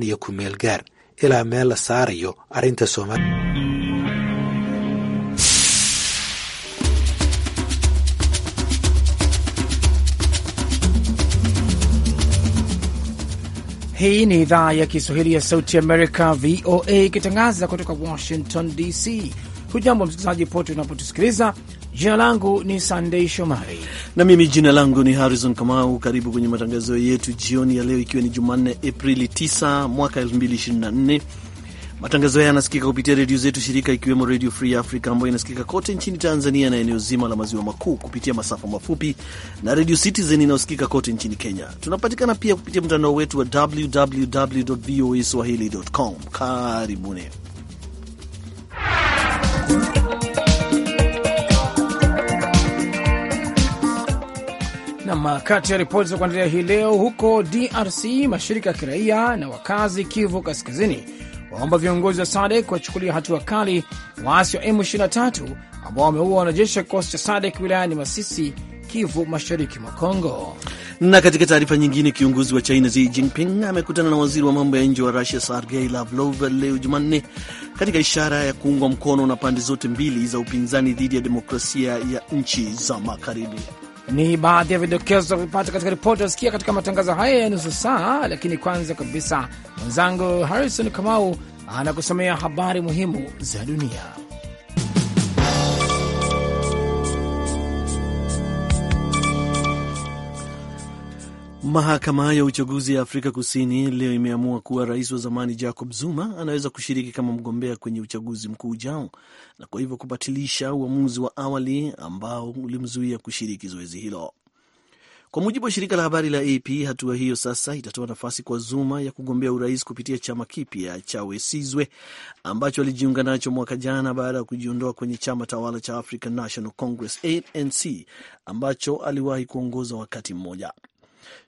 iyo gaar ilaa meel la saarayo arrinta somalia Hii ni idhaa ya Kiswahili ya Sauti Amerika, VOA, ikitangaza kutoka Washington DC. Hujambo msikilizaji pote unapotusikiliza. Jina langu ni Sandei Shomari na mimi jina langu ni Harrison Kamau. Karibu kwenye matangazo yetu jioni ya leo, ikiwa ni Jumanne Aprili 9 mwaka 2024. Matangazo haya yanasikika kupitia redio zetu shirika, ikiwemo Redio Free Africa ambayo inasikika kote nchini Tanzania na eneo zima la maziwa makuu kupitia masafa mafupi na Redio Citizen inayosikika kote nchini Kenya. Tunapatikana pia kupitia mtandao wetu wa www voa swahili.com. Karibuni. Nam, kati ya ripoti za kuandalia hii leo, huko DRC mashirika ya kiraia na wakazi Kivu Kaskazini waomba viongozi wa SADEK wachukulia hatua kali waasi wa M23 ambao wameua wanajeshi wa kikosi cha SADEK wilayani Masisi, Kivu mashariki mwa Kongo. Na katika taarifa nyingine, kiongozi wa China Xi Jinping amekutana na waziri wa mambo ya nje wa Rusia Sergei Lavrov leo Jumanne, katika ishara ya kuungwa mkono na pande zote mbili za upinzani dhidi ya demokrasia ya nchi za Magharibi. Ni baadhi ya vidokezo vipata katika ripoti asikia katika matangazo haya ya nusu saa, lakini kwanza kabisa mwenzangu Harrison Kamau anakusomea habari muhimu za dunia. Mahakama ya uchaguzi ya Afrika Kusini leo imeamua kuwa rais wa zamani Jacob Zuma anaweza kushiriki kama mgombea kwenye uchaguzi mkuu ujao na kwa hivyo kubatilisha uamuzi wa awali ambao ulimzuia kushiriki zoezi hilo. Kwa mujibu wa shirika la habari la AP, hatua hiyo sasa itatoa nafasi kwa Zuma ya kugombea urais kupitia chama kipya cha Wesizwe ambacho alijiunga nacho mwaka jana baada ya kujiondoa kwenye chama tawala cha African National Congress ANC ambacho aliwahi kuongoza wakati mmoja.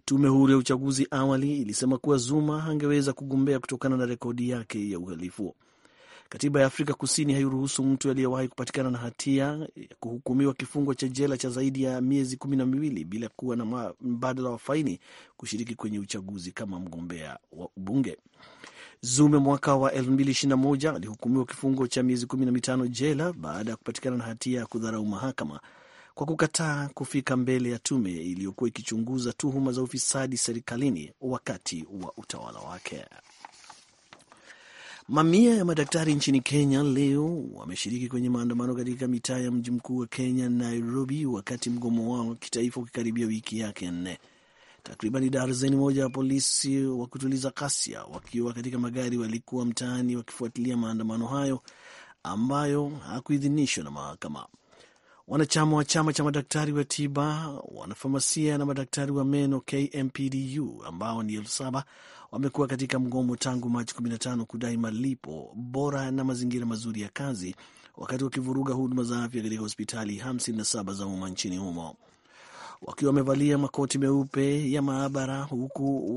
Tume huru ya uchaguzi awali ilisema kuwa Zuma angeweza kugombea kutokana na rekodi yake ya uhalifu. Katiba ya Afrika Kusini hairuhusu mtu aliyewahi kupatikana na hatia ya kuhukumiwa kifungo cha jela cha zaidi ya miezi kumi na miwili bila kuwa na mbadala wa faini kushiriki kwenye uchaguzi kama mgombea wa ubunge. Zume mwaka wa 2021 alihukumiwa kifungo cha miezi kumi na mitano jela baada ya kupatikana na hatia ya kudharau mahakama kwa kukataa kufika mbele ya tume iliyokuwa ikichunguza tuhuma za ufisadi serikalini wakati wa utawala wake. Mamia ya madaktari nchini Kenya leo wameshiriki kwenye maandamano katika mitaa ya mji mkuu wa Kenya, Nairobi, wakati mgomo wao wa kitaifa ukikaribia wiki yake nne. Takriban darzeni moja ya polisi wa kutuliza ghasia wakiwa katika magari walikuwa mtaani wakifuatilia maandamano hayo ambayo hakuidhinishwa na mahakama. Wanachama wa chama cha madaktari wa tiba, wanafamasia na madaktari wa meno KMPDU ambao ni elfu saba wamekuwa katika mgomo tangu Machi 15 kudai malipo bora na mazingira mazuri ya kazi, wakati wakivuruga huduma za afya katika hospitali 57 za umma nchini humo wakiwa wamevalia makoti meupe ya maabara huku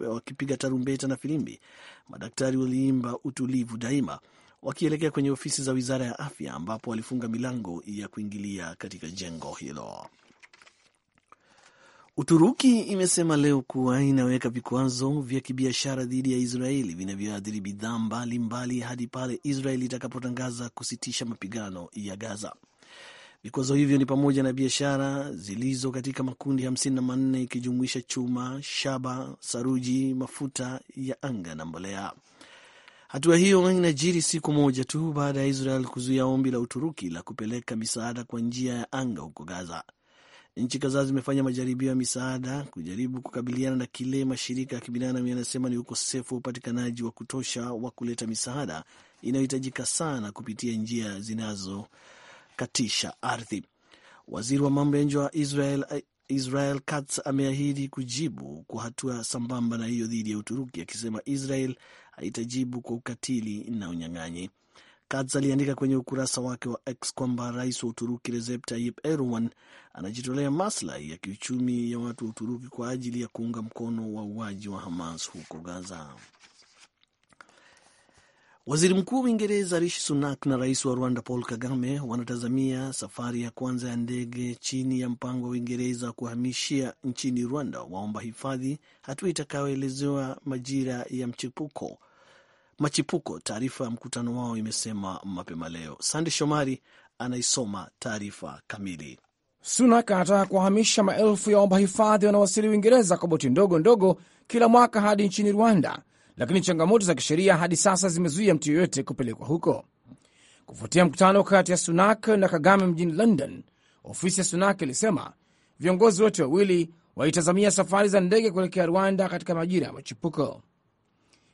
wakipiga tarumbeta na filimbi, madaktari waliimba utulivu daima wakielekea kwenye ofisi za wizara ya afya ambapo walifunga milango ya kuingilia katika jengo hilo. Uturuki imesema leo kuwa inaweka vikwazo vya kibiashara dhidi ya Israeli vinavyoathiri bidhaa mbalimbali hadi pale israel itakapotangaza kusitisha mapigano ya Gaza. Vikwazo hivyo ni pamoja na biashara zilizo katika makundi hamsini na manne ikijumuisha chuma, shaba, saruji, mafuta ya anga na mbolea. Hatua hiyo inajiri siku moja tu baada ya Israel kuzuia ombi la Uturuki la kupeleka misaada kwa njia ya anga huko Gaza. Nchi kadhaa zimefanya majaribio ya misaada kujaribu kukabiliana na kile mashirika ya kibinadamu yanasema ni ukosefu wa upatikanaji wa kutosha wa kuleta misaada inayohitajika sana kupitia njia zinazokatisha ardhi. Waziri wa mambo ya nje wa Israel Israel Katz ameahidi kujibu kwa hatua sambamba na hiyo dhidi ya Uturuki, akisema Israel haitajibu kwa ukatili na unyang'anyi. Katz aliandika kwenye ukurasa wake wa X kwamba rais wa Uturuki Recep Tayyip Erdogan anajitolea maslahi ya kiuchumi ya watu wa Uturuki kwa ajili ya kuunga mkono wauaji wa Hamas huko Gaza. Waziri Mkuu wa Uingereza Rishi Sunak na rais wa Rwanda Paul Kagame wanatazamia safari ya kwanza ya ndege chini ya mpango wa Uingereza kuhamishia nchini Rwanda waomba hifadhi, hatua itakayoelezewa majira ya mchipuko machipuko, taarifa ya mkutano wao imesema mapema leo. Sande Shomari anaisoma taarifa kamili. Sunak anataka kuwahamisha maelfu ya waomba hifadhi wanaowasili Uingereza kwa boti ndogo ndogo kila mwaka hadi nchini Rwanda lakini changamoto za kisheria hadi sasa zimezuia mtu yoyote kupelekwa huko. Kufuatia mkutano kati ya Sunak na Kagame mjini London, ofisi ya Sunak ilisema viongozi wote wawili waitazamia safari za ndege kuelekea Rwanda katika majira ya machipuko.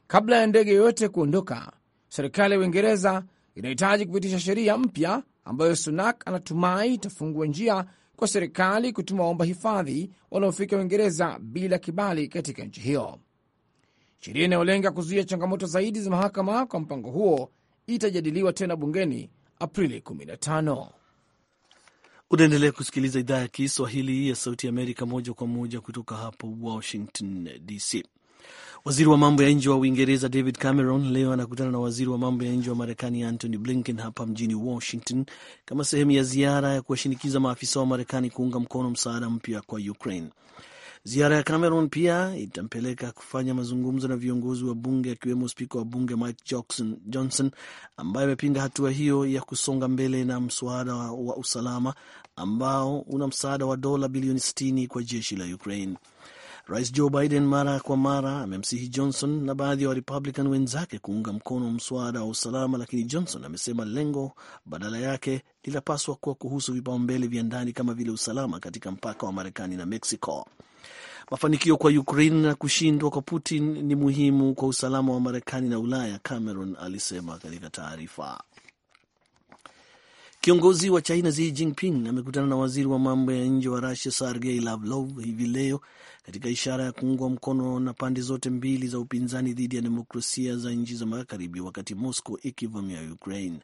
Kabla ya ndege yoyote kuondoka, serikali ya Uingereza inahitaji kupitisha sheria mpya ambayo Sunak anatumai itafungua njia kwa serikali kutuma waomba hifadhi wanaofika Uingereza bila kibali katika nchi hiyo. Sheria inayolenga kuzuia changamoto zaidi za mahakama kwa mpango huo itajadiliwa tena bungeni Aprili 15. Unaendelea kusikiliza idhaa ya Kiswahili ya Sauti Amerika moja kwa moja kutoka hapo Washington DC. Waziri wa mambo ya nje wa Uingereza David Cameron leo anakutana na waziri wa mambo ya nje wa Marekani Antony Blinken hapa mjini Washington kama sehemu ya ziara ya kuwashinikiza maafisa wa Marekani kuunga mkono msaada mpya kwa Ukraine. Ziara ya Cameron pia itampeleka kufanya mazungumzo na viongozi wa bunge akiwemo spika wa bunge Mike Jackson, Johnson ambaye amepinga hatua hiyo ya kusonga mbele na mswada wa usalama ambao una msaada wa dola bilioni 60 kwa jeshi la Ukraine. Rais Joe Biden mara kwa mara amemsihi Johnson na baadhi ya wa Warepublican wenzake kuunga mkono mswada wa usalama, lakini Johnson amesema lengo badala yake linapaswa kuwa kuhusu vipaumbele vya ndani kama vile usalama katika mpaka wa Marekani na Mexico. Mafanikio kwa Ukraine na kushindwa kwa Putin ni muhimu kwa usalama wa Marekani na Ulaya, Cameron alisema katika taarifa. Kiongozi wa China Xi Jinping amekutana na waziri wa mambo ya nje wa Rusia Sergei Lavrov hivi leo katika ishara ya kuungwa mkono na pande zote mbili za upinzani dhidi ya demokrasia za nchi za Magharibi, wakati Moscow ikivamia Ukraine.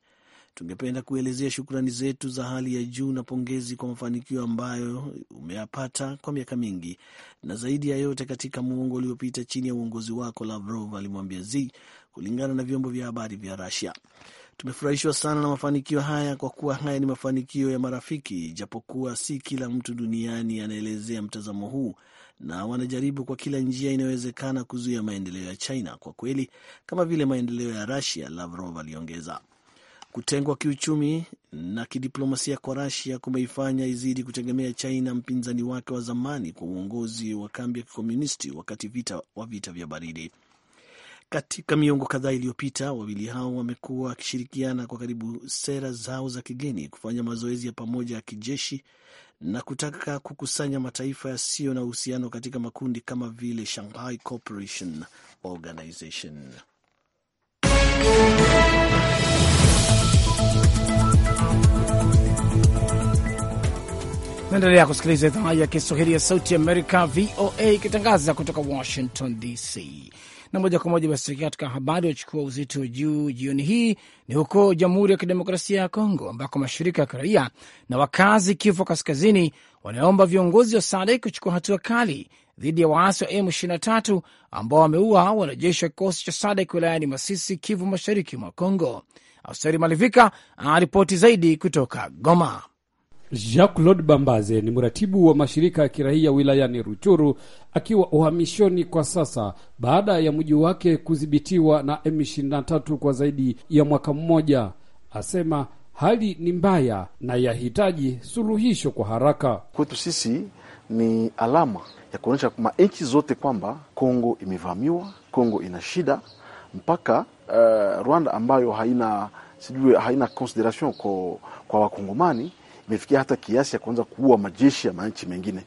Tungependa kuelezea shukrani zetu za hali ya juu na pongezi kwa mafanikio ambayo umeyapata kwa miaka mingi na zaidi ya yote katika muongo uliopita chini ya uongozi wako, Lavrov alimwambia Z kulingana na vyombo vya habari vya rasia Tumefurahishwa sana na mafanikio haya kwa kuwa haya ni mafanikio ya marafiki, japokuwa si kila mtu duniani anaelezea mtazamo huu, na wanajaribu kwa kila njia inayowezekana kuzuia maendeleo ya China kwa kweli, kama vile maendeleo ya rasia Lavrov aliongeza. Kutengwa kiuchumi na kidiplomasia kwa rasia kumeifanya izidi kutegemea China, mpinzani wake wa zamani kwa uongozi wa kambi ya kikomunisti wakati vita wa vita vya baridi. Katika miongo kadhaa iliyopita, wawili hao wamekuwa wakishirikiana kwa karibu sera zao za kigeni, kufanya mazoezi ya pamoja ya kijeshi na kutaka kukusanya mataifa yasiyo na uhusiano katika makundi kama vile Shanghai Cooperation Organization. Naendelea kusikiliza idhaa ya Kiswahili ya Sauti Amerika, VOA, ikitangaza kutoka Washington DC na moja kwa moja. Basi katika habari wachukua uzito juu jioni hii ni huko Jamhuri ya Kidemokrasia ya Kongo, ambako mashirika ya kiraia na wakazi Kivu Kaskazini wanaomba viongozi wa SADC kuchukua hatua kali dhidi ya waasi wa M23 ambao wameua wanajeshi wa kikosi cha SADC wilayani Masisi, Kivu mashariki mwa Kongo. Austeri Malivika anaripoti zaidi kutoka Goma. Jean Claude Bambaze ni mratibu wa mashirika ya kiraia wilayani Ruchuru, akiwa uhamishoni kwa sasa baada ya mji wake kudhibitiwa na M23 kwa zaidi ya mwaka mmoja. Asema hali ni mbaya na yahitaji suluhisho kwa haraka. Kwetu sisi ni alama ya kuonyesha manchi zote kwamba Kongo imevamiwa, Kongo ina shida mpaka uh, Rwanda ambayo haina sijui haina consideration kwa, kwa wakongomani imefikia hata kiasi ya kuanza kuua majeshi ya manchi mengine.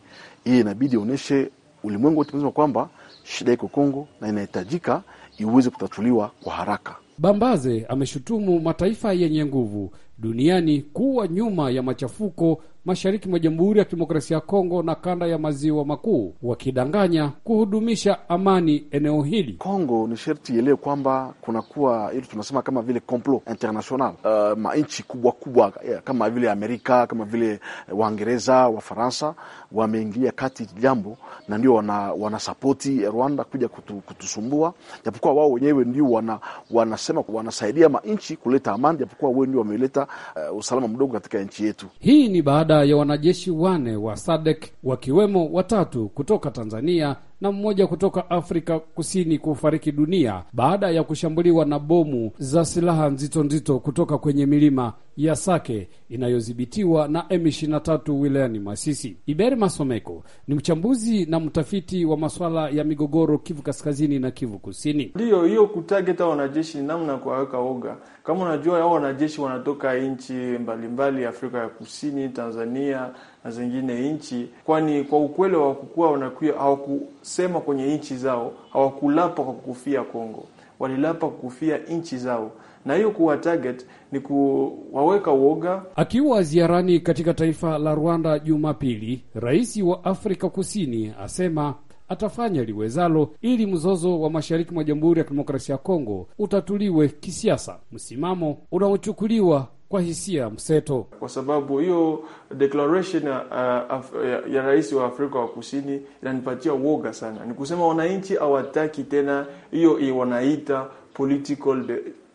Hii inabidi ionyeshe ulimwengu wote mzima kwamba shida iko Kongo na inahitajika iweze kutatuliwa kwa haraka. Bambaze ameshutumu mataifa yenye nguvu duniani kuwa nyuma ya machafuko mashariki mwa Jamhuri ya Kidemokrasia ya Kongo na kanda ya maziwa makuu, wakidanganya kuhudumisha amani eneo hili. Kongo ni sharti ielewe kwamba kunakuwa ili tunasema kama vile complot international, uh, manchi kubwa kubwa eh, kama vile Amerika, kama vile eh, Waingereza, Wafaransa wameingilia kati jambo na ndio wanasapoti wana eh, Rwanda kuja kutu, kutusumbua, japokuwa wao wenyewe ndio wana, wanasema wanasaidia manchi kuleta amani, japokuwa wao ndio wameleta uh, usalama mdogo katika nchi yetu. Hii ni baada ya wanajeshi wane wa SADC wakiwemo watatu kutoka Tanzania na mmoja kutoka Afrika Kusini kufariki dunia baada ya kushambuliwa na bomu za silaha nzito nzito kutoka kwenye milima ya Sake inayodhibitiwa na M23 wilayani Masisi. Iberi Masomeko ni mchambuzi na mtafiti wa masuala ya migogoro Kivu Kaskazini na Kivu Kusini. Ndiyo hiyo kutageta wanajeshi ni namna ya kuwaweka oga. Kama unajua hao wanajeshi wanatoka nchi mbalimbali, Afrika ya Kusini, Tanzania na zingine nchi, kwani kwa ukweli wakukua wanakuwa hawakusema kwenye nchi zao, hawakulapa kwa kukufia Kongo, walilapa kukufia nchi zao na hiyo kuwa target ni kuwaweka uoga. Akiwa ziarani katika taifa la Rwanda Jumapili, rais wa Afrika Kusini asema atafanya liwezalo ili mzozo wa mashariki mwa Jamhuri ya Kidemokrasia ya Kongo utatuliwe kisiasa, msimamo unaochukuliwa kwa hisia mseto, kwa sababu hiyo declaration ya, uh, ya, ya rais wa Afrika wa Kusini inanipatia uoga sana. Ni kusema wananchi hawataki tena hiyo, wanaita political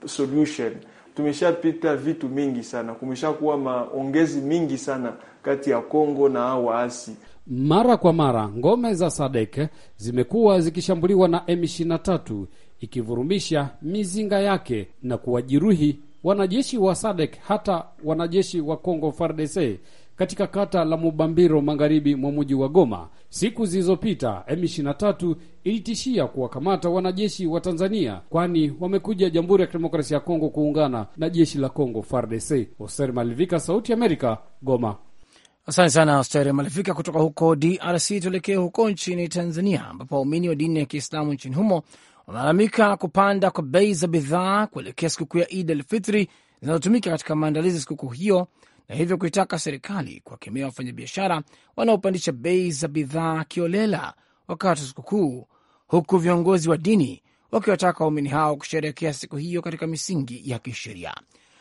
solution. Tumeshapita vitu mingi sana, kumeshakuwa maongezi mingi sana kati ya Kongo na hao waasi. Mara kwa mara ngome za Sadek zimekuwa zikishambuliwa na M23 ikivurumisha mizinga yake na kuwajeruhi wanajeshi wa Sadek hata wanajeshi wa Kongo FARDC katika kata la Mubambiro magharibi mwa mji wa Goma. Siku zilizopita M23 ilitishia kuwakamata wanajeshi wa Tanzania, kwani wamekuja Jamhuri ya Kidemokrasia ya Kongo kuungana na jeshi la Kongo FARDC. Hoser Malivika, Sauti ya Amerika, Goma. Asante sana Hoster Malivika kutoka huko DRC. Tuelekee huko nchini Tanzania ambapo waumini wa dini ya Kiislamu nchini humo wanalalamika kupanda kwa bei za bidhaa kuelekea sikukuu ya Id al Fitri zinazotumika katika maandalizi sikukuu hiyo na hivyo kuitaka serikali kuwakemea wafanyabiashara wanaopandisha bei za bidhaa kiolela wakati wa sikukuu, huku viongozi wa dini wakiwataka waumini hao kusherekea siku hiyo katika misingi ya kisheria.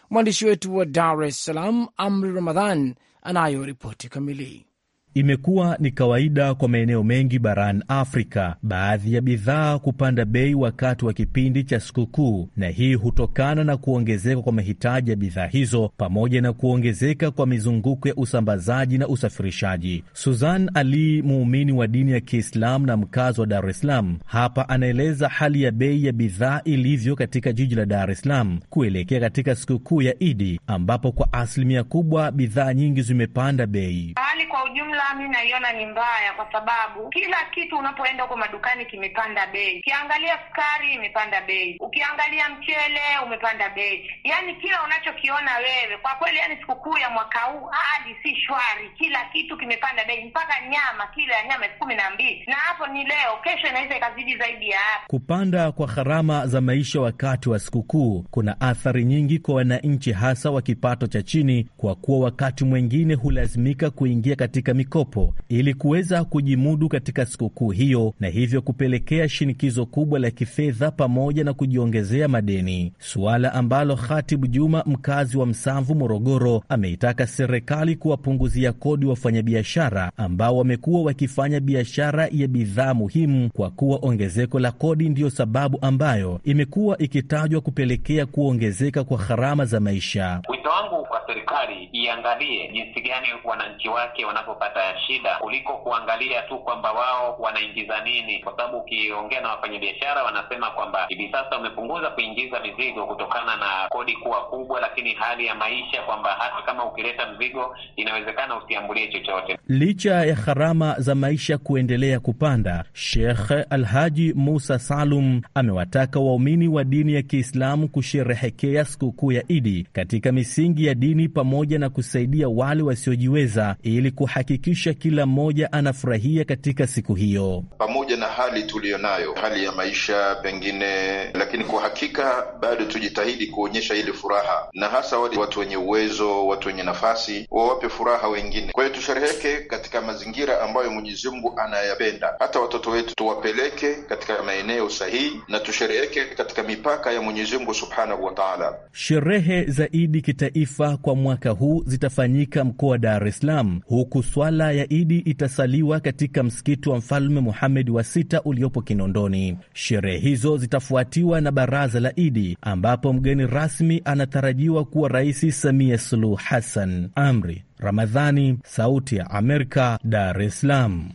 Mwandishi wetu wa Dar es Salaam, Amri Ramadhan, anayo ripoti kamili. Imekuwa ni kawaida kwa maeneo mengi barani Afrika baadhi ya bidhaa kupanda bei wakati wa kipindi cha sikukuu, na hii hutokana na kuongezeka kwa mahitaji ya bidhaa hizo pamoja na kuongezeka kwa mizunguko ya usambazaji na usafirishaji. Suzan Ali, muumini wa dini ya Kiislamu na mkazi wa Dar es Salaam, hapa anaeleza hali ya bei ya bidhaa ilivyo katika jiji la Dar es Salaam kuelekea katika sikukuu ya Idi, ambapo kwa asilimia kubwa bidhaa nyingi zimepanda bei. Hali kwa ujumla kwanza mi naiona ni mbaya, kwa sababu kila kitu unapoenda huko madukani kimepanda bei. Ukiangalia sukari imepanda bei, ukiangalia mchele umepanda bei, yaani kila unachokiona wewe kwa kweli, yani sikukuu ya mwaka huu hadi si shwari, kila kitu kimepanda bei, mpaka nyama, kilo ya nyama elfu kumi na mbili na hapo ni leo, kesho inaweza ikazidi zaidi ya hapo. Kupanda kwa gharama za maisha wakati wa sikukuu kuna athari nyingi kwa wananchi, hasa wa kipato cha chini, kwa kuwa wakati mwingine hulazimika kuingia katika miku mikopo ili kuweza kujimudu katika sikukuu hiyo na hivyo kupelekea shinikizo kubwa la kifedha pamoja na kujiongezea madeni, suala ambalo Khatibu Juma, mkazi wa Msamvu, Morogoro, ameitaka serikali kuwapunguzia kodi wafanyabiashara ambao wamekuwa wakifanya biashara ya bidhaa muhimu, kwa kuwa ongezeko la kodi ndiyo sababu ambayo imekuwa ikitajwa kupelekea kuongezeka kwa gharama za maisha. Wito wangu serikali iangalie jinsi gani wananchi wake wanapopata shida kuliko kuangalia tu kwamba wao wanaingiza nini, kwa sababu ukiongea na wafanyabiashara wanasema kwamba hivi sasa wamepunguza kuingiza mizigo kutokana na kodi kuwa kubwa, lakini hali ya maisha kwamba hata kama ukileta mzigo inawezekana usiambulie chochote. Licha ya gharama za maisha kuendelea kupanda, Sheikh Alhaji Musa Salum amewataka waumini wa dini ya Kiislamu kusherehekea sikukuu ya Idi katika misingi ya dini hospitalini pamoja na kusaidia wale wasiojiweza ili kuhakikisha kila mmoja anafurahia katika siku hiyo, pamoja na hali tuliyonayo, hali ya maisha pengine, lakini kwa hakika bado tujitahidi kuonyesha ile furaha, na hasa wale watu wenye uwezo, watu wenye nafasi, wawape furaha wengine. Kwa hiyo tushereheke katika mazingira ambayo Mwenyezi Mungu anayapenda. Hata watoto wetu tuwapeleke katika maeneo sahihi na tushereheke katika mipaka ya Mwenyezi Mungu subhanahu wa taala. Sherehe za Idi kitaifa kwa mwaka huu zitafanyika mkoa wa Dar es Salaam, huku swala ya Idi itasaliwa katika msikiti wa Mfalme Muhamedi wa sita uliopo Kinondoni. Sherehe hizo zitafuatiwa na baraza la Idi ambapo mgeni rasmi anatarajiwa kuwa Rais Samia Suluhu Hassan. Amri Ramadhani, Sauti ya Amerika, Dar es Salaam.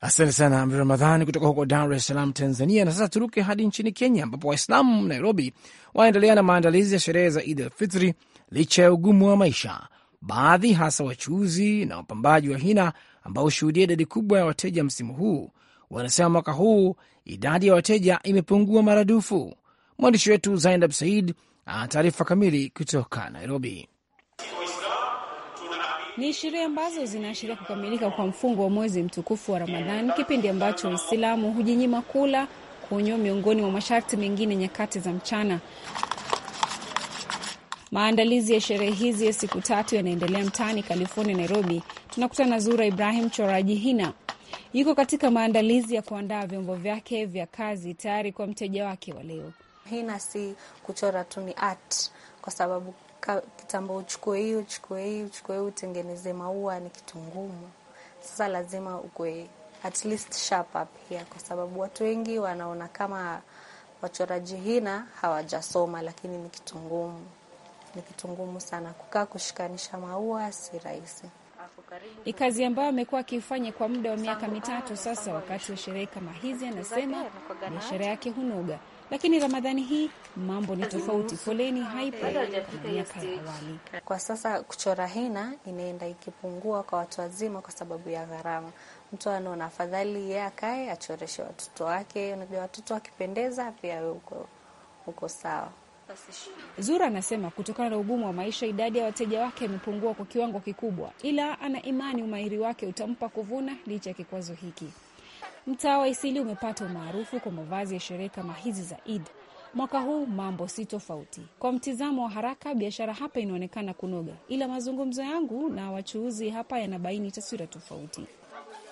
Asante sana Amri Ramadhani kutoka huko Dar es Salaam, Tanzania. Na sasa turuke hadi nchini Kenya, ambapo Waislamu Nairobi waendelea na maandalizi ya sherehe za Idi Alfitri Fitri licha ya ugumu wa maisha. Baadhi hasa wachuuzi na wapambaji wa hina ambao hushuhudia idadi kubwa ya wateja msimu huu wanasema mwaka huu idadi ya wateja imepungua maradufu. Mwandishi wetu Zainab Said ana taarifa kamili kutoka Nairobi. Ni sherehe ambazo zinaashiria kukamilika kwa mfungo wa mwezi mtukufu wa Ramadhan, kipindi ambacho Waislamu hujinyima kula, kunywa, miongoni mwa masharti mengine nyakati za mchana. Maandalizi ya sherehe hizi ya siku tatu yanaendelea mtaani California, Nairobi. Tunakutana na Zura Ibrahim Choraji Hina, yuko katika maandalizi ya kuandaa vyombo vyake vya kazi tayari kwa mteja wake wa leo. Hina si kuchora tu, ni art, kwa sababu kitambo uchukue hii uchukue hii uchukue hii utengeneze maua ni kitu ngumu. Sasa lazima ukwe at least sharp up here, kwa sababu watu wengi wanaona kama wachoraji hina hawajasoma, lakini ni kitu ngumu ni kitu ngumu sana. Kukaa kushikanisha maua si rahisi. Ni kazi ambayo amekuwa akiifanya kwa muda wa miaka mitatu sasa. Wakati wa sherehe kama hizi, anasema biashara yake hunoga, lakini Ramadhani hii mambo ni tofauti. Foleni haipo miaka ya awali. Kwa sasa kuchora hina inaenda ikipungua kwa watu wazima kwa sababu ya gharama. Mtu anaona afadhali yeye akae achoreshe watoto wake. Unajua watoto wakipendeza, pia uko uko sawa. Zura anasema kutokana na ugumu wa maisha, idadi ya wateja wake imepungua kwa kiwango kikubwa, ila ana imani umahiri wake utampa kuvuna licha ya kikwazo hiki. Mtaa wa Isili umepata umaarufu kwa mavazi ya sherehe kama hizi za Eid. Mwaka huu mambo si tofauti. Kwa mtizamo wa haraka, biashara hapa inaonekana kunoga, ila mazungumzo yangu na wachuuzi hapa yanabaini taswira tofauti.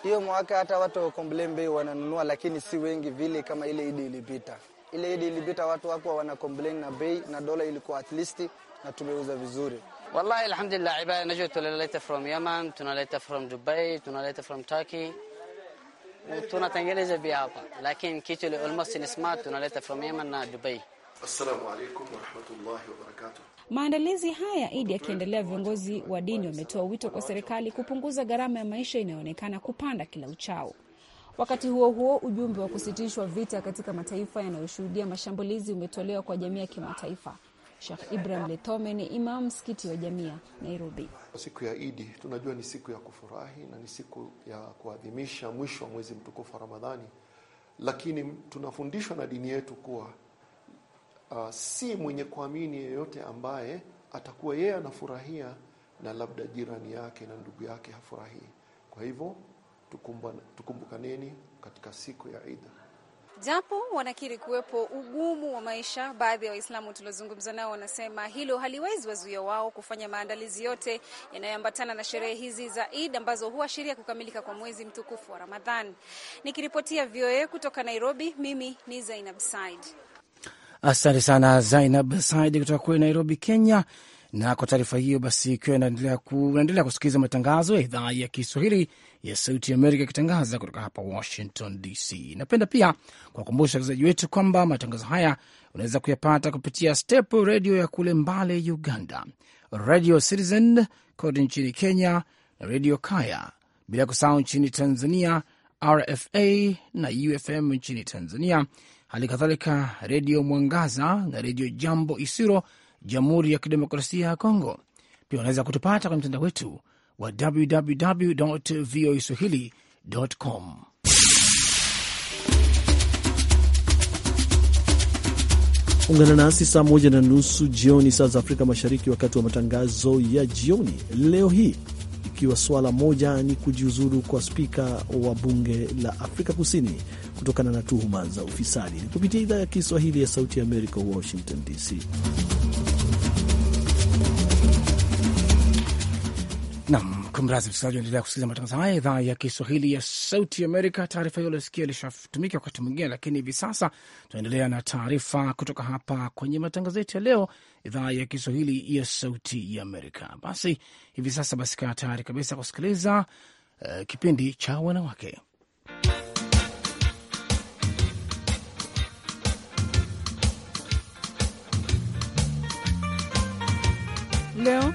Hiyo mwaka hata watu wa wananunua, lakini si wengi vile kama ile Idi ilipita ile idi ilipita, watu wako wana complain na bei na dola ilikuwa at least, na tumeuza vizuri. Wallahi, alhamdulillah ibada najua, tunaleta from Yemen, tunaleta from Dubai, tunaleta from Turkey, tunatengeneza bia hapa, lakini kitu ile almost ni smart, tunaleta from Yemen na Dubai. Assalamu alaykum wa rahmatullahi wa barakatuh. Maandalizi haya Idi yakiendelea, viongozi wa dini wametoa wito kwa serikali kupunguza gharama ya maisha inayoonekana kupanda kila uchao. Wakati huo huo, ujumbe wa kusitishwa vita katika mataifa yanayoshuhudia mashambulizi umetolewa kwa jamii ya kimataifa. Sheikh Ibrahim Letome ni imam msikiti wa Jamia, Nairobi. Siku ya Idi tunajua ni siku ya kufurahi na ni siku ya kuadhimisha mwisho wa mwezi mtukufu wa Ramadhani, lakini tunafundishwa na dini yetu kuwa uh, si mwenye kuamini yeyote ambaye atakuwa yeye anafurahia na labda jirani yake na ndugu yake hafurahii. Kwa hivyo tukumbukaneni katika siku ya Idi. Japo wanakiri kuwepo ugumu wa maisha, baadhi ya wa Waislamu tuliozungumza nao wanasema hilo haliwezi wazuia wao kufanya maandalizi yote yanayoambatana na sherehe hizi za id ambazo huashiria kukamilika kwa mwezi mtukufu wa Ramadhani. Nikiripotia VOA kutoka Nairobi, mimi ni Zainab Said. Asante sana Zainab Said kutoka kule Nairobi, Kenya. Na kwa taarifa hiyo basi, ikiwa unaendelea kusikiliza matangazo ya idhaa ya Kiswahili ya Sauti ya Amerika ikitangaza kutoka hapa Washington DC, napenda pia kuwakumbusha wasikilizaji wetu kwamba matangazo haya unaweza kuyapata kupitia Step Redio ya kule Mbale, Uganda, Radio Citizen kote nchini Kenya na Redio Kaya, bila kusahau nchini Tanzania RFA na UFM nchini Tanzania, hali kadhalika Redio Mwangaza na Redio Jambo Isiro Jamhuri ya Kidemokrasia ya Kongo. Pia unaweza kutupata kwenye mtandao wetu wa www voa swahilicom. Ungana nasi saa moja na nusu jioni saa za Afrika Mashariki, wakati wa matangazo ya jioni leo hii, ikiwa swala moja ni kujiuzuru kwa spika wa bunge la Afrika Kusini kutokana na tuhuma za ufisadi. Ni kupitia idhaa ya Kiswahili ya Sauti ya Amerika, Washington DC. Nam kumrazi msikilizaji, endelea kusikiliza matangazo haya idhaa ya Kiswahili ya Sauti Amerika. Taarifa hiyo uliosikia ilishatumika wakati mwingine, lakini hivi sasa tunaendelea na taarifa kutoka hapa kwenye matangazo yetu ya leo, idhaa ya Kiswahili ya Sauti ya Amerika. Basi hivi sasa, basi kaa tayari kabisa kusikiliza uh, kipindi cha wanawake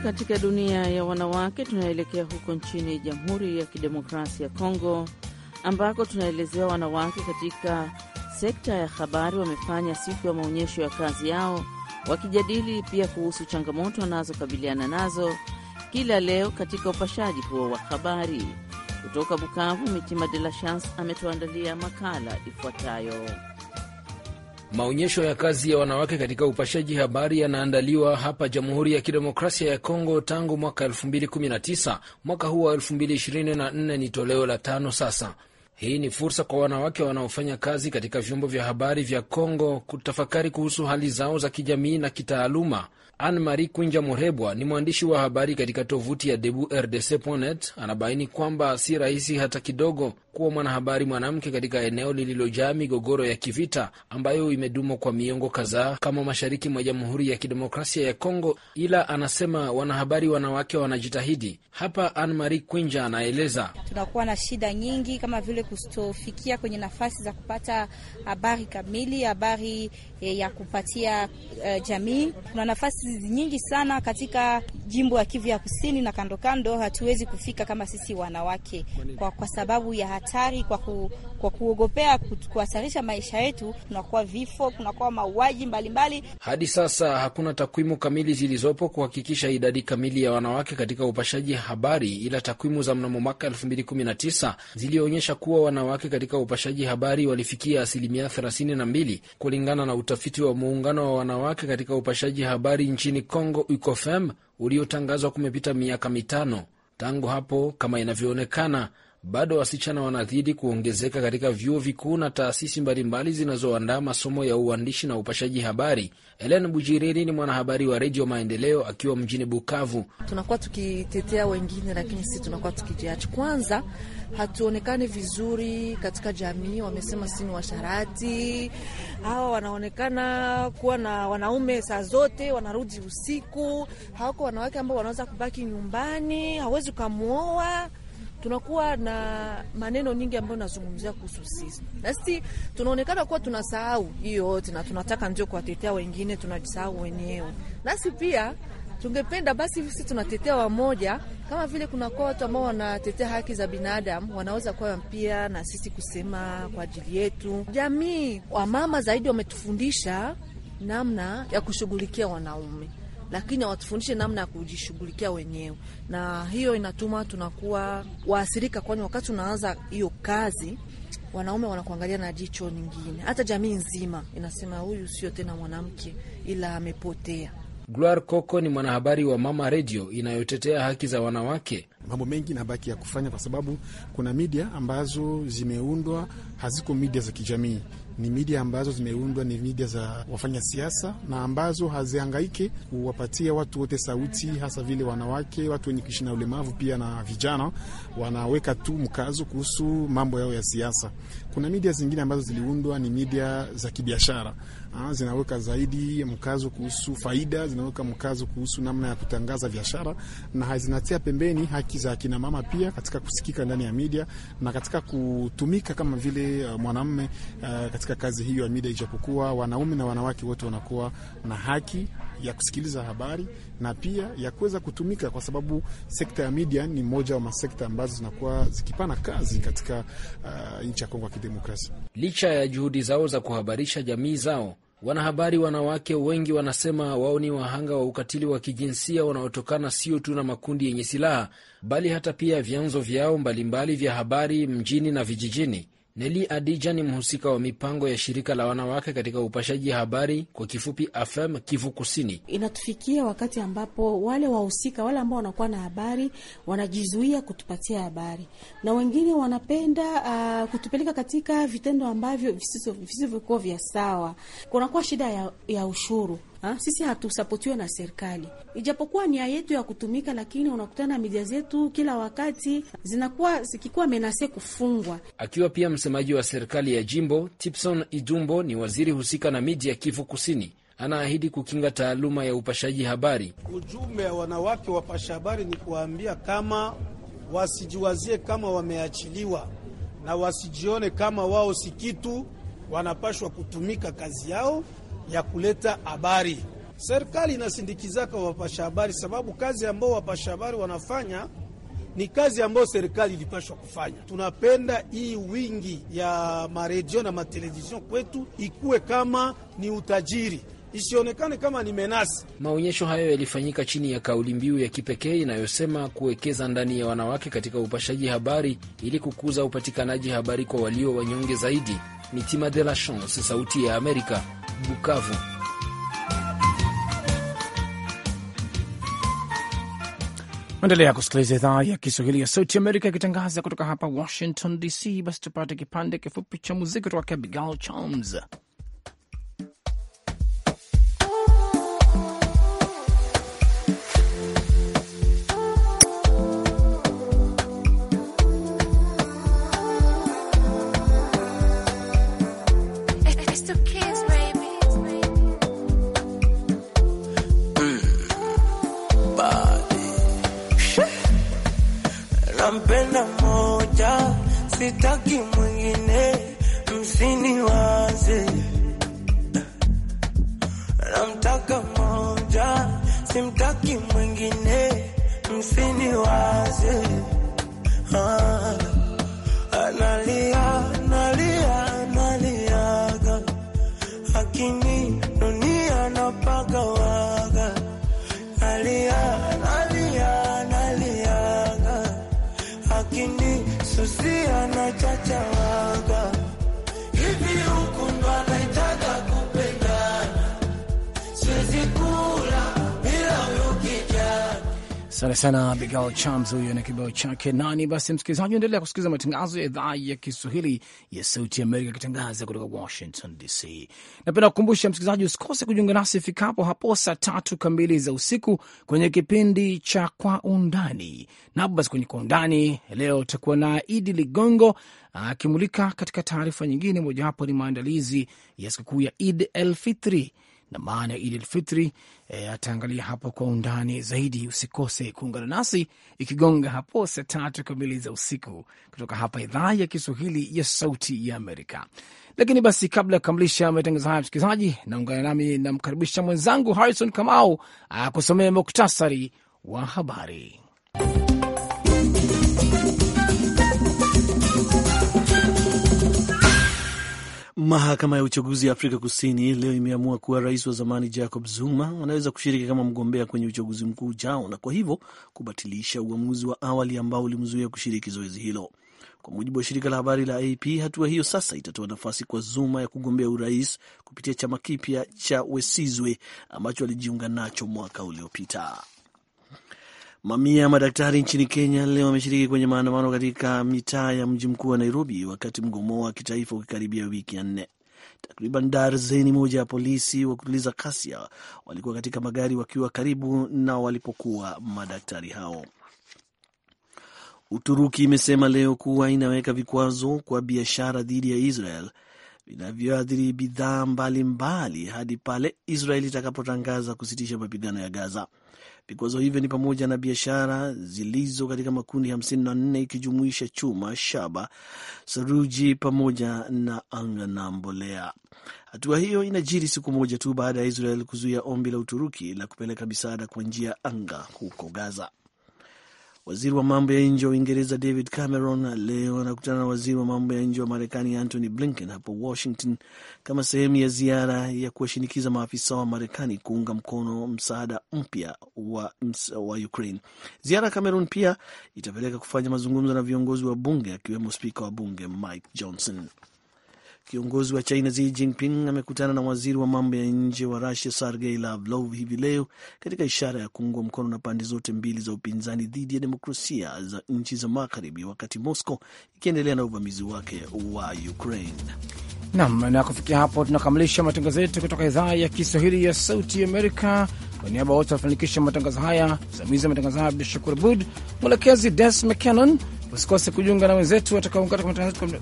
katika dunia ya wanawake, tunaelekea huko nchini Jamhuri ya Kidemokrasia ya Kongo ambako tunaelezewa wanawake katika sekta ya habari wamefanya siku ya maonyesho ya kazi yao, wakijadili pia kuhusu changamoto wanazokabiliana nazo kila leo katika upashaji huo wa habari. Kutoka Bukavu, Mitima De La Chance ametuandalia makala ifuatayo. Maonyesho ya kazi ya wanawake katika upashaji habari yanaandaliwa hapa Jamhuri ya Kidemokrasia ya Kongo tangu mwaka 2019. Mwaka huu wa 2024 ni toleo la tano sasa. Hii ni fursa kwa wanawake wanaofanya kazi katika vyombo vya habari vya Kongo kutafakari kuhusu hali zao za kijamii na kitaaluma. Anne Marie Kwinja Morebwa ni mwandishi wa habari katika tovuti ya Debu Ponet Anabaini kwamba si rahisi hata kidogo kuwa mwanahabari mwanamke katika eneo lililojaa migogoro ya kivita ambayo imedumu kwa miongo kadhaa kama mashariki mwa Jamhuri ya Kidemokrasia ya Kongo, ila anasema wanahabari wanawake wanajitahidi. Hapa Anne Marie Kwinja anaeleza: tunakuwa na shida nyingi kama vile kustofikia kwenye nafasi za kupata habari kamili, habari eh, ya kupatia uh, jamii. nafasi kazi nyingi sana katika jimbo ya Kivu ya Kusini na kando kando, hatuwezi kufika kama sisi wanawake kwa, kwa sababu ya hatari kwa, ku, kwa kuogopea kuhatarisha maisha yetu. Kunakuwa vifo, kunakuwa mauaji mbalimbali. Hadi sasa hakuna takwimu kamili zilizopo kuhakikisha idadi kamili ya wanawake katika upashaji habari, ila takwimu za mnamo mwaka 2019 zilionyesha kuwa wanawake katika upashaji habari walifikia asilimia 32 kulingana na utafiti wa muungano wa wanawake katika upashaji habari nchini Congo UCOFEM, uliotangazwa kumepita miaka mitano tangu hapo, kama inavyoonekana bado wasichana wanazidi kuongezeka katika vyuo vikuu na taasisi mbalimbali zinazoandaa masomo ya uandishi na upashaji habari. Helen Bujiriri ni mwanahabari wa Redio Maendeleo akiwa mjini Bukavu. Tunakuwa tukitetea wengine, lakini sisi tunakuwa tukijiachi. Kwanza hatuonekani vizuri katika jamii, wamesema ni washarati hawa, wanaonekana kuwa na wanaume saa zote, wanarudi usiku, hawako wanawake ambao wanaweza kubaki nyumbani, hawezi ukamwoa tunakuwa na maneno nyingi ambayo nazungumzia kuhusu sisi, na sisi tunaonekana kuwa tunasahau hiyo yote, na tunataka ndio kuwatetea wengine, tunajisahau wenyewe. Nasi pia tungependa basi sisi tunatetea wamoja, kama vile kunakuwa watu ambao wanatetea haki za binadamu, wanaweza kuwa pia na sisi kusema kwa ajili yetu. Jamii wamama zaidi wametufundisha namna ya kushughulikia wanaume lakini awatufundishe namna ya kujishughulikia wenyewe, na hiyo inatuma tunakuwa waathirika, kwani wakati unaanza hiyo kazi wanaume wanakuangalia na jicho nyingine hata jamii nzima inasema huyu sio tena mwanamke, ila amepotea. Gloire Coco ni mwanahabari wa Mama Redio inayotetea haki za wanawake. Mambo mengi na baki ya kufanya, kwa sababu kuna midia ambazo zimeundwa, haziko midia za kijamii ni media ambazo zimeundwa, ni media za wafanya siasa na ambazo haziangaiki kuwapatia watu wote sauti, hasa vile wanawake, watu wenye kuishi na ulemavu pia na vijana. Wanaweka tu mkazo kuhusu mambo yao ya siasa. Kuna media zingine ambazo ziliundwa ni media za kibiashara Aa, ah, zinaweka zaidi mkazo kuhusu faida, zinaweka mkazo kuhusu namna ya kutangaza biashara na hazinatia pembeni haki za akina mama pia katika kusikika ndani ya media na katika kutumika kama vile uh, mwanamume uh, katika kazi hiyo ya media, ijapokuwa wanaume na wanawake wote wanakuwa na haki ya kusikiliza habari na pia ya kuweza kutumika, kwa sababu sekta ya media ni moja wa masekta ambazo zinakuwa zikipana kazi katika uh, nchi ya Kongo ya Kidemokrasia. Licha ya juhudi zao za kuhabarisha jamii zao Wanahabari wanawake wengi wanasema wao ni wahanga wa ukatili wa kijinsia wanaotokana sio tu na makundi yenye silaha, bali hata pia vyanzo vyao mbalimbali vya habari mjini na vijijini. Neli Adija ni mhusika wa mipango ya shirika la wanawake katika upashaji habari kwa kifupi AFEM Kivu Kusini. Inatufikia wakati ambapo wale wahusika wale ambao wanakuwa na habari wanajizuia kutupatia habari, na wengine wanapenda uh, kutupeleka katika vitendo ambavyo visivyokuwa vya sawa. Kunakuwa shida ya, ya ushuru ha? Ah, sisi hatusapotiwe na serikali, ijapokuwa nia yetu ya kutumika, lakini unakutana media zetu kila wakati zinakuwa zikikuwa menase kufungwa. Akiwa pia msemaji wa serikali ya jimbo, Tipson Idumbo ni waziri husika na miji ya Kivu Kusini anaahidi kukinga taaluma ya upashaji habari. Ujumbe ya wanawake wapasha habari ni kuwaambia kama wasijiwazie kama wameachiliwa na wasijione kama wao si kitu, wanapashwa kutumika kazi yao ya kuleta habari. Serikali inasindikizaka wapasha habari, sababu kazi ambao wapasha habari wanafanya ni kazi ambayo serikali ilipashwa kufanya. Tunapenda hii wingi ya maredio na matelevizion kwetu ikuwe kama ni utajiri, isionekane kama ni menasi. Maonyesho hayo yalifanyika chini ya kauli mbiu ya kipekee inayosema kuwekeza ndani ya wanawake katika upashaji habari ili kukuza upatikanaji habari kwa walio wanyonge zaidi. Mitima de la Chance, Sauti ya Amerika, Bukavu. Endelea kusikiliza idhaa ya Kiswahili ya Sauti Amerika ikitangaza kutoka hapa Washington DC. Basi tupate kipande kifupi cha muziki kutoka Abigail Chams. sitaki mwingine, msiniwaze, namtaka moja, simtaki mwingine, msiniwaze. Ah, analia Sosia na Asante sana Bigal Chams huyo na kibao chake nani. Basi msikilizaji, endelea kusikiliza matangazo ya idhaa ya Kiswahili ya Sauti Amerika akitangaza kutoka Washington DC. Napenda kukumbusha msikilizaji, usikose kujiunga nasi ifikapo hapo saa tatu kamili za usiku kwenye kipindi cha Kwa Undani. Napo basi kwenye Kwa Undani leo utakuwa na Idi Ligongo akimulika katika taarifa nyingine, mojawapo ni maandalizi ya sikukuu ya Id el Fitri na maana ya Idi Elfitri. E, ataangalia hapo kwa undani zaidi. Usikose kuungana nasi ikigonga hapo saa tatu kamili za usiku kutoka hapa idhaa ya Kiswahili ya Sauti ya Amerika. Lakini basi kabla ya kukamilisha matangazo haya, msikilizaji, naungana nami namkaribisha mwenzangu Harrison Kamau akusomea muktasari wa habari. Mahakama ya uchaguzi ya Afrika Kusini leo imeamua kuwa rais wa zamani Jacob Zuma anaweza kushiriki kama mgombea kwenye uchaguzi mkuu ujao na kwa hivyo kubatilisha uamuzi wa awali ambao ulimzuia kushiriki zoezi hilo. Kwa mujibu wa shirika la habari la AP, hatua hiyo sasa itatoa nafasi kwa Zuma ya kugombea urais kupitia chama kipya cha Wesizwe ambacho alijiunga nacho mwaka uliopita. Mamia ya madaktari nchini Kenya leo wameshiriki kwenye maandamano katika mitaa ya mji mkuu wa Nairobi, wakati mgomo wa kitaifa ukikaribia wiki ya nne. Takriban darzeni moja ya polisi wa kutuliza kasia walikuwa katika magari wakiwa karibu na walipokuwa madaktari hao. Uturuki imesema leo kuwa inaweka vikwazo kwa biashara dhidi ya Israel vinavyoathiri bidhaa mbalimbali hadi pale Israel itakapotangaza kusitisha mapigano ya Gaza. Vikwazo hivyo ni pamoja na biashara zilizo katika makundi 54 ikijumuisha chuma, shaba, saruji pamoja na anga na mbolea. Hatua hiyo inajiri siku moja tu baada ya Israel kuzuia ombi la Uturuki la kupeleka misaada kwa njia ya anga huko Gaza. Waziri wa mambo ya nje wa Uingereza David Cameron leo anakutana na waziri wa mambo ya nje wa Marekani Antony Blinken hapo Washington kama sehemu ya ziara ya kuwashinikiza maafisa wa Marekani kuunga mkono msaada mpya wa, wa Ukraine. Ziara ya Cameron pia itapeleka kufanya mazungumzo na viongozi wa bunge akiwemo spika wa bunge Mike Johnson. Kiongozi wa China Xi Jinping amekutana na waziri wa mambo ya nje wa Rusia Sergei Lavrov hivi leo katika ishara ya kuungwa mkono na pande zote mbili za upinzani dhidi ya demokrasia za nchi za Magharibi, wakati Moscow ikiendelea na uvamizi wake wa Ukraine. Nam, na kufikia hapo tunakamilisha matangazo yetu kutoka idhaa ya Kiswahili ya Sauti Amerika. Kwa niaba wote wanafanikisha matangazo haya, msimamizi wa matangazo haya Abdu Shakur Abud, mwelekezi Des McCanon. Usikose kujiunga na wenzetu watakaoungana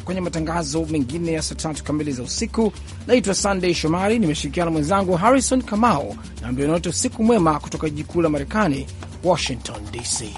kwenye matangazo mengine ya saa tatu kamili za usiku. Naitwa Sunday Shomari, nimeshirikiana na mwenzangu Harrison Kamao na mbioni usiku mwema kutoka jiji kuu la Marekani, Washington DC.